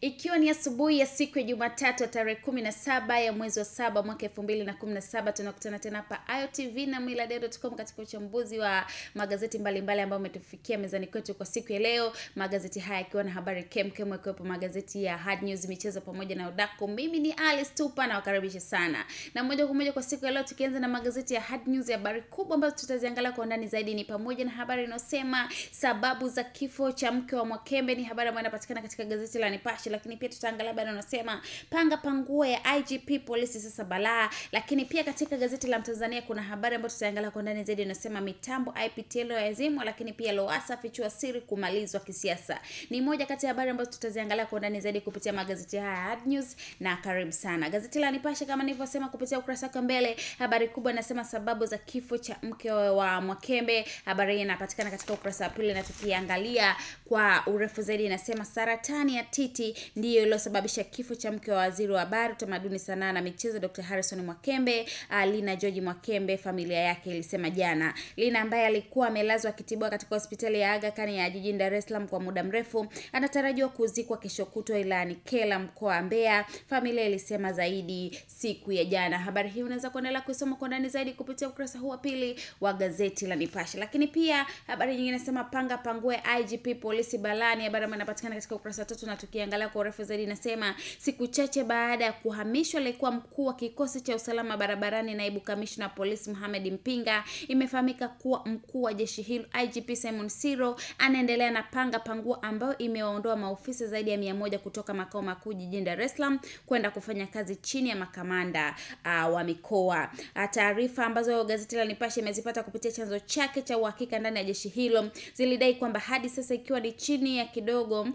Ikiwa ni asubuhi ya siku ya Jumatatu ya tarehe 17 ya mwezi wa saba mwaka 2017 tunakutana tena hapa Ayo na millardayo.com katika uchambuzi wa magazeti mbalimbali ambayo umetufikia mezani kwetu kwa siku ya leo, magazeti haya yakiwa na habari kemkem, yakiwepo magazeti ya hard news, michezo pamoja na udaku. Mimi ni Alice Tupa na wakaribisha sana na moja kwa moja kwa siku ya leo, tukianza na magazeti ya hard news. Ya habari kubwa ambazo tutaziangalia kwa undani zaidi ni pamoja na habari inayosema sababu za kifo cha mke wa Mwakembe, ni habari ambayo inapatikana katika gazeti la Nipashe Machi, lakini pia tutaangalia bado anasema panga pangue ya IGP polisi sasa balaa. Lakini pia katika gazeti la Mtanzania kuna habari ambayo tutaangalia kwa ndani zaidi, inasema mitambo IPTL yazimwa, lakini pia Lowassa fichua siri kumalizwa kisiasa. Ni moja kati ya habari ambazo tutaziangalia kwa ndani zaidi kupitia magazeti haya Hard News na karibu sana. Gazeti la Nipashe kama nilivyosema kupitia ukurasa wake mbele, habari kubwa inasema sababu za kifo cha mke wa Mwakembe. Habari hii inapatikana katika ukurasa wa pili na tukiangalia kwa urefu zaidi inasema saratani ya titi ndiyo iliyosababisha kifo cha mke wa waziri wa habari, utamaduni, sanaa na michezo Dr. Harrison Mwakembe, ah, Lina George Mwakembe, familia yake ilisema jana. Lina ambaye alikuwa amelazwa akitibiwa katika hospitali ya Aga Khan ya jijini Dar es Salaam kwa muda mrefu, anatarajiwa kuzikwa kesho kutwa ilani Kela, mkoa wa Mbeya, familia ilisema zaidi siku ya jana. Habari hii unaweza kuendelea kusoma kwa ndani zaidi kupitia ukurasa huu wa pili wa gazeti la Nipashe. Lakini pia habari nyingine nasema, panga pangue, IGP polisi balani, habari ambayo inapatikana katika ukurasa wa tatu na tukiangalia Uganda kwa urefu zaidi inasema siku chache baada ya kuhamishwa aliyekuwa mkuu wa kikosi cha usalama barabarani naibu kamishna polisi Mohamed Mpinga, imefahamika kuwa mkuu wa jeshi hilo IGP Simon Siro anaendelea na panga pangua ambayo imewaondoa maofisa zaidi ya mia moja kutoka makao makuu jijini Dar es Salaam kwenda kufanya kazi chini ya makamanda uh, wa mikoa. Ah, taarifa ambazo gazeti la Nipashe imezipata kupitia chanzo chake cha uhakika ndani ya jeshi hilo zilidai kwamba hadi sasa ikiwa ni chini ya kidogo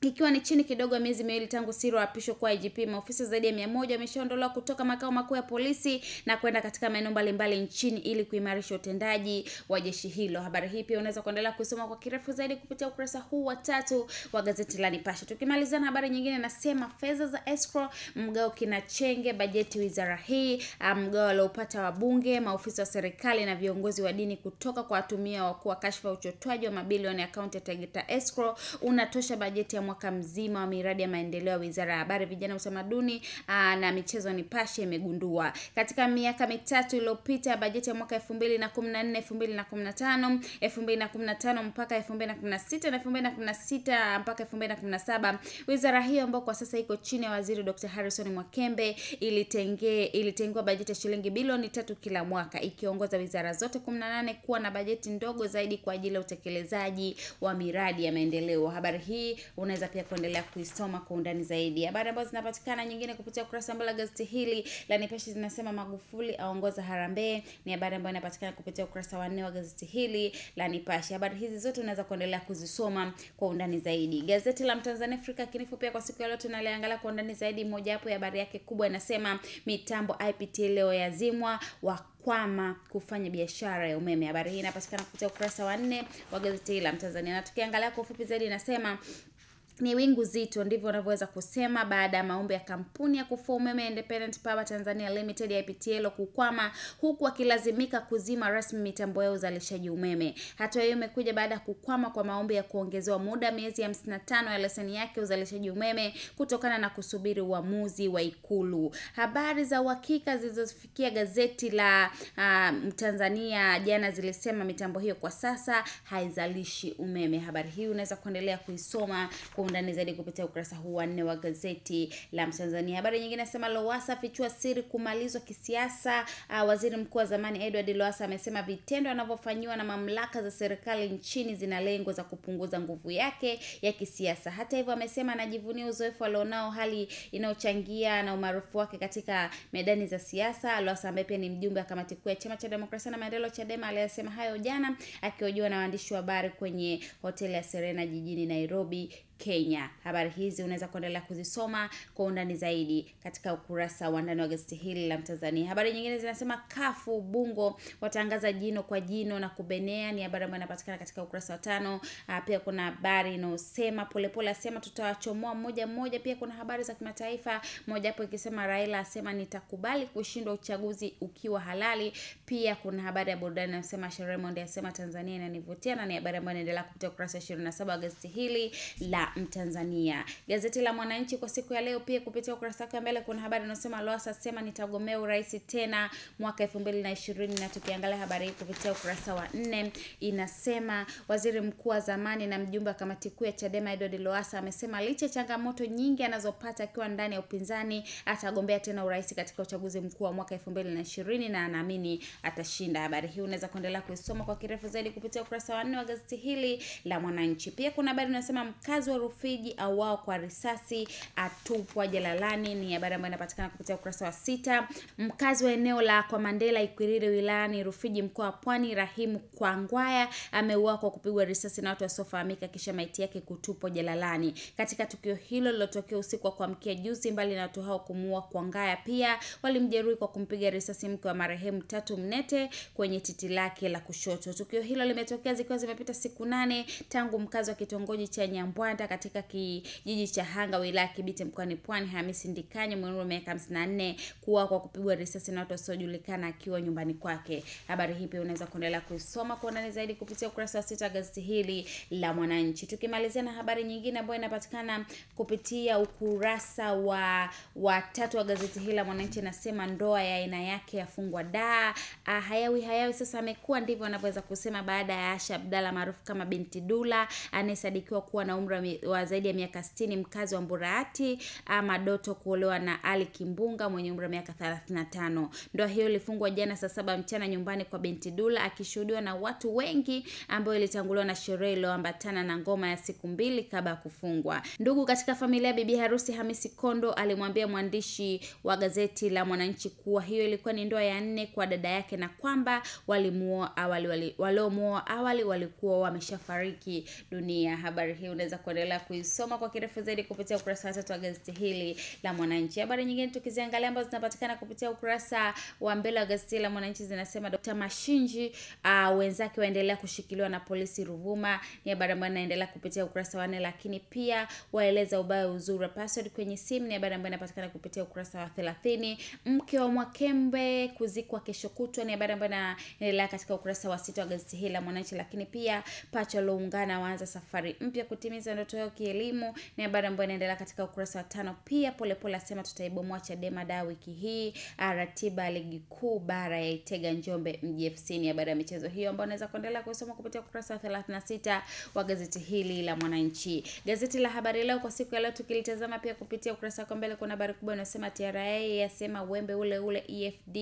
ikiwa ni chini kidogo ya miezi miwili tangu Siro apishwe kuwa IGP, maofisa zaidi ya mia moja wameshaondolewa kutoka makao makuu ya polisi na kwenda katika maeneo mbalimbali nchini ili kuimarisha utendaji wa jeshi hilo. Habari hii pia unaweza kuendelea kusoma kwa kirefu zaidi kupitia ukurasa huu wa tatu wa gazeti la Nipashe. na habari nyingine, nasema fedha za escrow mgao kinachenge bajeti wizara hii, um, mgao waliopata wabunge, maofisa wa serikali na viongozi wa dini kutoka kwa watumia wakuu wa kashfa uchotwaji wa mabilioni akaunti ya Tegeta escrow unatosha bajeti ya mwaka mzima wa miradi ya maendeleo ya Wizara ya Habari, Vijana, Utamaduni ah, na Michezo Nipashe imegundua katika miaka mitatu iliyopita, bajeti ya mwaka 2014 2015 2015 mpaka 2016 na 2016 mpaka 2017, wizara hiyo ambayo kwa sasa iko chini ya Waziri Dr. Harrison Mwakembe ilitenge ilitengwa bajeti ya shilingi bilioni tatu kila mwaka ikiongoza wizara zote 18 kuwa na bajeti ndogo zaidi kwa ajili ya utekelezaji wa miradi ya maendeleo. Habari hii una unaweza pia kuendelea kuisoma kwa undani zaidi. Habari ambazo zinapatikana nyingine kupitia ukurasa mbili gazeti hili la Nipashe zinasema Magufuli aongoza harambee, ni habari ambayo inapatikana kupitia ukurasa wa nne wa gazeti hili la Nipashe. Habari hizi zote unaweza kuendelea kuzisoma kwa undani zaidi. Gazeti la Mtanzania Afrika Kinifu pia kwa siku ya leo tunaliangalia kwa undani zaidi. Moja hapo ya habari yake kubwa inasema mitambo IPT leo yazimwa wa kwama kufanya biashara ya umeme. Habari hii inapatikana kupitia ukurasa wa nne wa gazeti hili la Mtanzania, na tukiangalia kwa ufupi zaidi inasema ni wingu zito, ndivyo wanavyoweza kusema baada ya maombi ya kampuni ya kufua umeme Independent Power Tanzania Limited IPTL kukwama huku wakilazimika kuzima rasmi mitambo ya uzalishaji umeme. Hatua hiyo imekuja baada ya kukwama kwa maombi ya kuongezewa muda miezi 55 ya leseni yake uzalishaji umeme kutokana na kusubiri uamuzi wa, wa Ikulu. Habari za uhakika zilizofikia gazeti la uh, Tanzania jana zilisema mitambo hiyo kwa sasa haizalishi umeme. Habari hii unaweza kuendelea kuisoma kwa undani zaidi kupitia ukurasa huu wa nne wa gazeti la Mtanzania. Habari nyingine nasema Lowasa fichua siri kumalizwa kisiasa. Uh, waziri mkuu wa zamani Edward Lowasa amesema vitendo anavyofanyiwa na mamlaka za serikali nchini zina lengo za kupunguza nguvu yake ya kisiasa. Hata hivyo, amesema anajivunia uzoefu alionao, hali inayochangia na umaarufu wake katika medani za siasa. Lowasa ambaye pia ni mjumbe wa kamati kuu ya chama cha demokrasia na maendeleo Chadema aliyesema hayo jana akihojiwa na waandishi wa habari kwenye hoteli ya Serena jijini Nairobi Kenya. Habari hizi unaweza kuendelea kuzisoma kwa undani zaidi katika ukurasa wa ndani wa gazeti hili la Mtanzania. Habari nyingine zinasema kafu Bungo watangaza jino kwa jino na kubenea, ni habari ambayo inapatikana katika ukurasa wa tano. Aa, ah, pia kuna habari inayosema Polepole asema tutawachomoa mmoja mmoja. Pia kuna habari za kimataifa, moja hapo ikisema Raila asema nitakubali kushindwa uchaguzi ukiwa halali. Pia kuna habari ya burudani inayosema Sheremond asema Tanzania inanivutia na ni habari ambayo inaendelea kupitia ukurasa 27 wa gazeti hili la Mtanzania. Gazeti la Mwananchi kwa siku ya leo pia kupitia ukurasa wake wa mbele kuna habari inasema Lowassa sema nitagombea urais tena mwaka 2020 na tukiangalia habari hii kupitia ukurasa wa nne inasema waziri mkuu wa zamani na mjumbe wa kamati kuu ya Chadema Edward Lowassa amesema licha changamoto nyingi anazopata akiwa ndani ya upinzani atagombea tena urais katika uchaguzi mkuu wa mwaka 2020 na anaamini atashinda. Habari hii unaweza kuendelea kuisoma kwa kirefu zaidi kupitia ukurasa wa nne wa gazeti hili la Mwananchi. Pia kuna habari inasema mkazi wa Rufiji au wao kwa risasi atupwa jalalani. Ni habari ambayo inapatikana kupitia ukurasa wa sita. Mkazi wa eneo la kwa Mandela Ikwiriri wilayani Rufiji mkoa wa Pwani, Rahimu Kwangwaya ameuawa kwa kupigwa risasi na watu wasiofahamika kisha maiti yake kutupwa jalalani. Katika tukio hilo lilotokea usiku wa kuamkia juzi, mbali na watu hao kumuua Kwangaya, pia walimjeruhi kwa kumpiga risasi mke wa marehemu Tatu Mnete kwenye titi lake la kushoto. Tukio hilo limetokea zikiwa zimepita siku nane tangu mkazi wa kitongoji cha Nyambwanda katika kijiji cha Hanga wilaya Kibiti mkoani Pwani. Hamisi Ndikanye mwenye miaka 54 kuwa kwa kupigwa risasi na watu wasiojulikana akiwa nyumbani kwake. Habari hii pia unaweza kuendelea kuisoma kwa undani zaidi kupitia ukurasa wa sita gazeti hili la Mwananchi. Tukimalizia na habari nyingine ambayo inapatikana kupitia ukurasa wa wa tatu wa gazeti hili la Mwananchi, nasema ndoa ya aina yake yafungwa da Ah, hayawi hayawi sasa amekuwa, ndivyo wanavyoweza kusema baada ya Asha Abdalla maarufu kama Binti Dula anayesadikiwa kuwa na umri wa zaidi ya miaka 60 mkazi wa Mburahati doto kuolewa na Ali Kimbunga mwenye umri wa miaka 35. Ndoa hiyo ilifungwa jana saa saba mchana nyumbani kwa binti Dula akishuhudiwa na watu wengi, ambayo ilitanguliwa na sherehe iliyoambatana na ngoma ya siku mbili kabla ya kufungwa. Ndugu katika familia ya bibi harusi Hamisi Kondo alimwambia mwandishi wa gazeti la Mwananchi kuwa hiyo ilikuwa ni ndoa ya nne kwa dada yake na kwamba walimuoa awali, waliomuoa awali walikuwa wameshafariki dunia. Habari hii unaweza kuona Endelea kuisoma kwa kirefu zaidi kupitia ukurasa wa tatu wa gazeti hili la Mwananchi. Habari nyingine tukiziangalia ambazo zinapatikana kupitia ukurasa wa mbele wa gazeti la Mwananchi zinasema Dr. Mashinji uh, wenzake waendelea kushikiliwa na polisi Ruvuma, ni habari ambayo inaendelea kupitia ukurasa wa nne, lakini pia waeleza ubaya uzuri wa password kwenye simu, ni habari ambayo inapatikana kupitia ukurasa wa 30. Mke wa Mwakembe kuzikwa kesho kutwa, ni habari ambayo inaendelea katika ukurasa wa sita wa gazeti hili la Mwananchi, lakini pia pacha walioungana waanza safari mpya kutimiza ndoto tolewa kielimu ni habari ambayo inaendelea katika ukurasa wa tano. Pia Polepole asema tutaibomoa Chadema da wiki hii, ah, ratiba ya ligi kuu bara ya Itega Njombe Mji FC. Ni habari ya michezo hiyo ambayo unaweza kuendelea kusoma kupitia ukurasa wa 36 wa gazeti hili la Mwananchi. Gazeti la Habari Leo kwa siku ya leo tukilitazama pia kupitia ukurasa wa mbele, kuna habari kubwa inasema TRA yasema wembe ule ule EFD.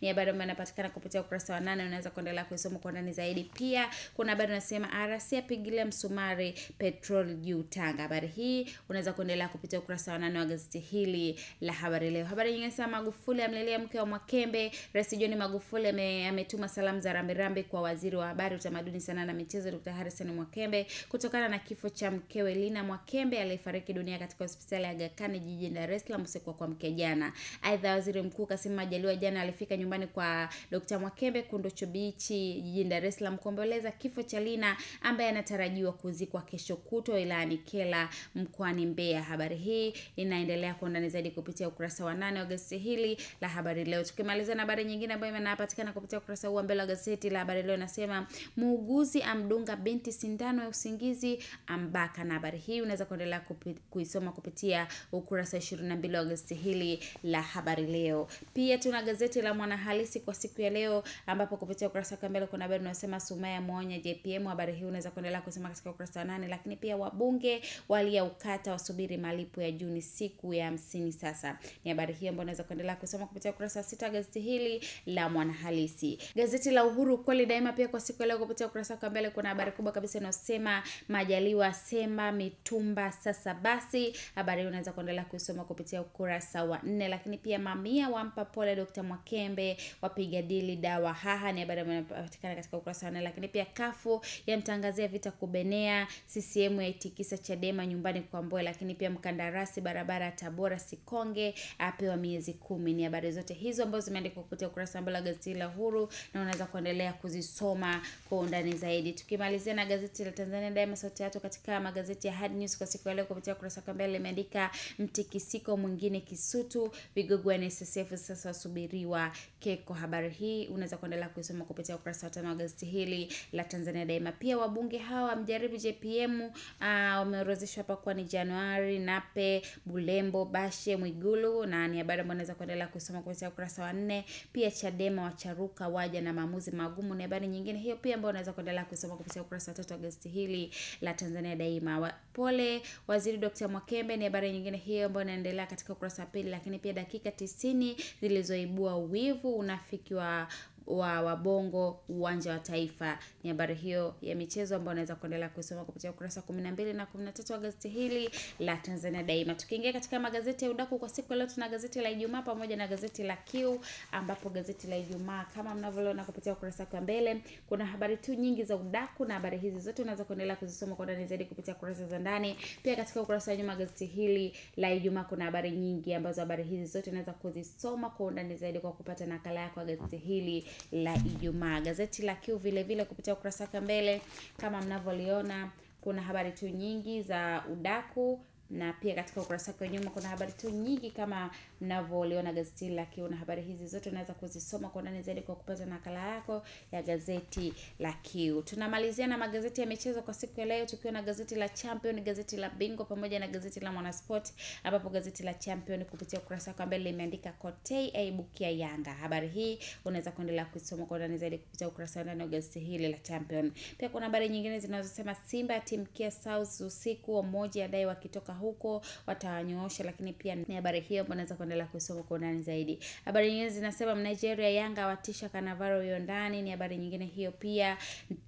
Ni habari ambayo inapatikana kupitia ukurasa wa 8, unaweza kuendelea kusoma kwa ndani zaidi. Pia kuna habari inasema RC apigilia msumari petrol juu Tanga. Habari hii unaweza kuendelea kupitia ukurasa wa nane wa gazeti hili la Habari Leo. Habari nyingine sana, Magufuli amlelea mke wa Mwakembe. Rais John Magufuli ametuma salamu za rambirambi kwa waziri wa habari, utamaduni, sanaa na michezo Dr. Harrison Mwakembe kutokana na kifo cha mkewe Lina Mwakembe aliyefariki dunia katika hospitali ya Gakani Khan jijini Dar es Salaam usiku wa kuamkia jana. Aidha, waziri mkuu Kassim Majaliwa jana alifika nyumbani kwa Dr. Mwakembe Kunduchu Beach jijini Dar es Salaam kuomboleza kifo cha Lina ambaye anatarajiwa kuzikwa kesho kutwa ila wilayani Kela mkoani Mbeya. Habari hii inaendelea kwa undani zaidi kupitia ukurasa wa nane wa gazeti hili la Habari Leo. Tukimaliza na habari nyingine ambayo inapatikana kupitia ukurasa huu wa mbele wa gazeti la Habari Leo inasema muuguzi amdunga binti sindano ya usingizi ambaka, na habari hii unaweza kuendelea kuisoma kupitia ukurasa 22 wa gazeti hili la Habari Leo. Pia tuna gazeti la Mwanahalisi kwa siku ya leo ambapo kupitia ukurasa wa mbele kuna habari unasema Sumaya mwonya JPM. Habari hii unaweza kuendelea kusoma katika ukurasa wa nane, lakini pia wabu wabunge waliaukata wasubiri malipo ya Juni siku ya hamsini. Sasa ni habari hiyo ambayo unaweza kuendelea kusoma kupitia ukurasa wa sita gazeti hili la Mwanahalisi. Gazeti la Uhuru kweli daima pia kwa siku ya leo kupitia ukurasa wa mbele kuna habari kubwa kabisa inayosema Majaliwa sema mitumba sasa basi. Habari hii unaweza kuendelea kusoma kupitia ukurasa wa nne, lakini pia mamia wampa pole Dr. Mwakembe wapiga dili dawa haha, ni habari ambayo inapatikana katika ukurasa wa nne, lakini pia kafu yamtangazia vita kubenea CCM yaitikia kuitikisa Chadema nyumbani kwa Mbowe, lakini pia mkandarasi barabara ya Tabora Sikonge apewa miezi kumi. Ni habari zote hizo ambazo zimeandikwa kupitia ukurasa wa mbele wa gazeti la Uhuru na unaweza kuendelea kuzisoma kwa undani zaidi. Tukimalizia na gazeti la Tanzania Daima, sauti yetu katika magazeti ya Hard News kwa siku ya leo kupitia ukurasa wa mbele limeandika mtikisiko mwingine Kisutu, vigogo wa NSSF sasa wasubiriwa Keko. Habari hii unaweza kuendelea kuisoma kupitia ukurasa wa tano wa gazeti hili la Tanzania Daima. Pia wabunge hawa mjaribu JPM uh, ah, na wameorozeshwa hapa kuwa ni Januari, Nape, Bulembo, Bashe, Mwigulu na ni habari ambayo unaweza kuendelea kusoma kupitia ukurasa wa nne. Pia Chadema wacharuka waja na maamuzi magumu, ni habari nyingine hiyo pia ambayo unaweza kuendelea kusoma kupitia ukurasa wa tatu wa gazeti hili la Tanzania Daima. Pole waziri Dr. Mwakembe, ni habari nyingine hiyo ambayo inaendelea katika ukurasa wa pili. Lakini pia dakika tisini zilizoibua wivu, unafiki wa wa Wabongo uwanja wa Taifa. Ni habari hiyo ya michezo ambayo unaweza kuendelea kusoma kupitia ukurasa 12 na 13 wa gazeti hili la Tanzania Daima. Tukiingia katika magazeti ya udaku kwa siku leo, tuna gazeti la Ijumaa pamoja na gazeti la Kiu, ambapo gazeti la Ijumaa kama mnavyoona kupitia ukurasa wa mbele kuna habari tu nyingi za udaku, na habari hizi zote unaweza kuendelea kuzisoma kwa ndani zaidi kupitia kurasa za ndani. Pia katika ukurasa wa nyuma gazeti hili la Ijumaa kuna habari nyingi ambazo habari hizi zote unaweza kuzisoma kwa undani zaidi kwa kupata nakala yako ya gazeti hili la Ijumaa. Gazeti la Kiu vile vile kupitia ukurasa wake mbele, kama mnavyoliona, kuna habari tu nyingi za udaku na pia katika ukurasa wake wa nyuma kuna habari tu nyingi kama mnavyoliona gazeti la Kiu, na Habari hizi zote unaweza kuzisoma kwa ndani zaidi kwa kupata nakala yako ya gazeti la Kiu. Tunamalizia na magazeti ya michezo kwa siku ya leo, tukiwa na gazeti la Champion, gazeti la Bingo pamoja na gazeti la Mwanasport, ambapo gazeti la Champion kupitia ukurasa wake mbele limeandika Kotei aibukia Yanga. Habari hii unaweza kuendelea kuisoma kwa ndani zaidi kupitia ukurasa wa ndani wa gazeti hili la Champion. Pia kuna habari nyingine zinazosema Simba timkia South usiku, wa moja, adai wakitoka huko watawanyoosha, lakini pia ni habari hiyo ambayo unaweza kuendelea kusoma kwa undani zaidi. Habari nyingine zinasema Nigeria Yanga watisha Kanavaro hiyo ndani, ni habari nyingine hiyo pia.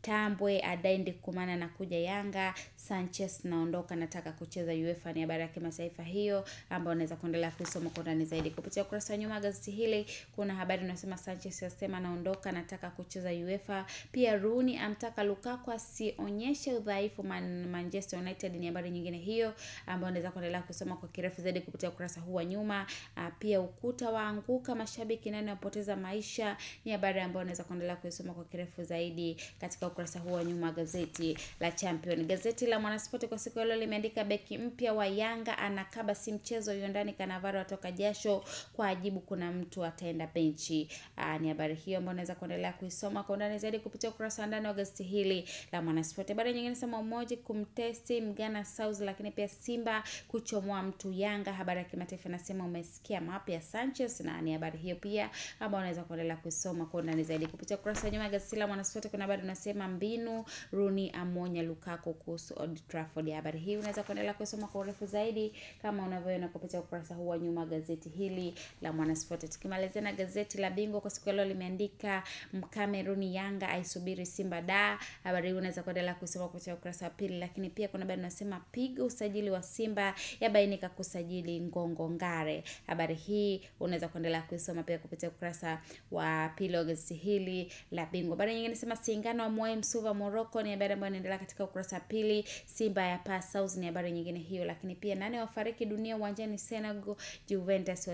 Tambwe adai Ndikumana na kuja Yanga, Sanchez naondoka nataka kucheza UEFA, ni habari ya kimataifa hiyo ambayo unaweza kuendelea kusoma kwa undani zaidi kupitia ukurasa wa nyuma gazeti hili. Kuna habari unasema Sanchez asema naondoka nataka kucheza UEFA. Pia Rooney amtaka Lukaku asionyeshe udhaifu Man Manchester United, ni habari nyingine hiyo ambayo unaweza kuendelea kusoma kwa kirefu zaidi kupitia ukurasa huu wa nyuma. Ah, pia ukuta waanguka, mashabiki nani wapoteza maisha. Ni habari ambayo unaweza kuendelea kuisoma kwa kirefu zaidi katika ukurasa huu wa nyuma gazeti la Champion. Gazeti la Mwanaspoti kwa siku ya leo limeandika beki mpya wa Yanga anakaba si mchezo, ndani Kanavaro atoka jasho kwa ajibu kuna mtu ataenda benchi. Aa, ah, ni habari hiyo ambayo unaweza kuendelea kuisoma kwa undani zaidi kupitia ukurasa wa ndani wa gazeti hili la Mwanaspoti. Habari nyingine sema umoja kumtesti mgana South, lakini pia Simba kuchomoa mtu Yanga. Habari ya kimataifa nasema umesikia kusikia mapya Sanchez, na ni habari hiyo pia ambayo unaweza kuendelea kusoma kwa undani zaidi kupitia kurasa nyuma ya gazeti la Mwanaspoti. Kuna habari unasema mbinu Rooney amonya Lukaku kuhusu Old Trafford. Ya Habari hii unaweza kuendelea kusoma kwa urefu zaidi kama unavyoona kupitia ukurasa huu wa nyuma gazeti hili la Mwanaspoti. Tukimalizia na gazeti la Bingwa kwa siku leo limeandika Mkameruni Yanga aisubiri Simba da. Habari hii unaweza kuendelea kusoma kupitia ukurasa wa pili, lakini pia kuna habari unasema pigo usajili wa Simba yabainika kusajili Ngongo Ngare. Habari hii unaweza kuendelea kuisoma pia kupitia ukurasa wa pili wa gazeti hili la Bingwa. Habari nyingine nasema Singano wa Moi Msuva Morocco ni habari ambayo inaendelea katika ukurasa wa pili. Simba ya Pa South ni habari nyingine hiyo, lakini pia nane wafariki dunia uwanjani Senegal. Juventus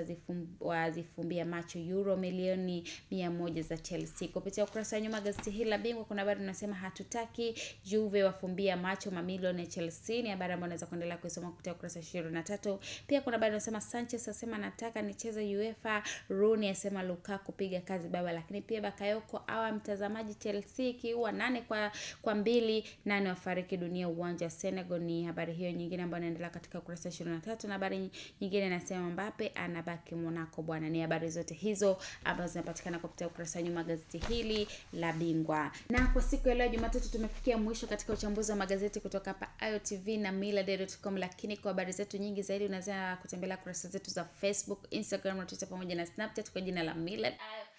wazifumbia macho euro milioni mia moja za Chelsea. Kupitia ukurasa wa nyuma gazeti hili la Bingwa kuna habari inasema hatutaki Juve wafumbia macho mamilioni ya Chelsea, ni habari ambayo unaweza kuendelea kuisoma kupitia ukurasa wa 23. Pia kuna habari inasema Sanchez asema na anataka nicheze UEFA. Rooney asema Lukaku piga kazi baba. Lakini pia Bakayoko awa mtazamaji Chelsea kiua nane kwa kwa mbili, nane wafariki dunia uwanja wa Senegal. Ni habari hiyo nyingine ambayo inaendelea katika ukurasa 23 na habari nyingine inasema Mbappe anabaki Monaco bwana. Ni habari zote hizo ambazo zinapatikana kupitia ukurasa nyuma gazeti hili la Bingwa. Na kwa siku ya leo Jumatatu tumefikia mwisho katika uchambuzi wa magazeti kutoka hapa AyoTV na millardayo.com, lakini kwa habari zetu nyingi zaidi unaweza kutembelea kurasa zetu za Facebook Facebook, Instagram na Twitter pamoja na Snapchat kwa jina la Millard Ayo.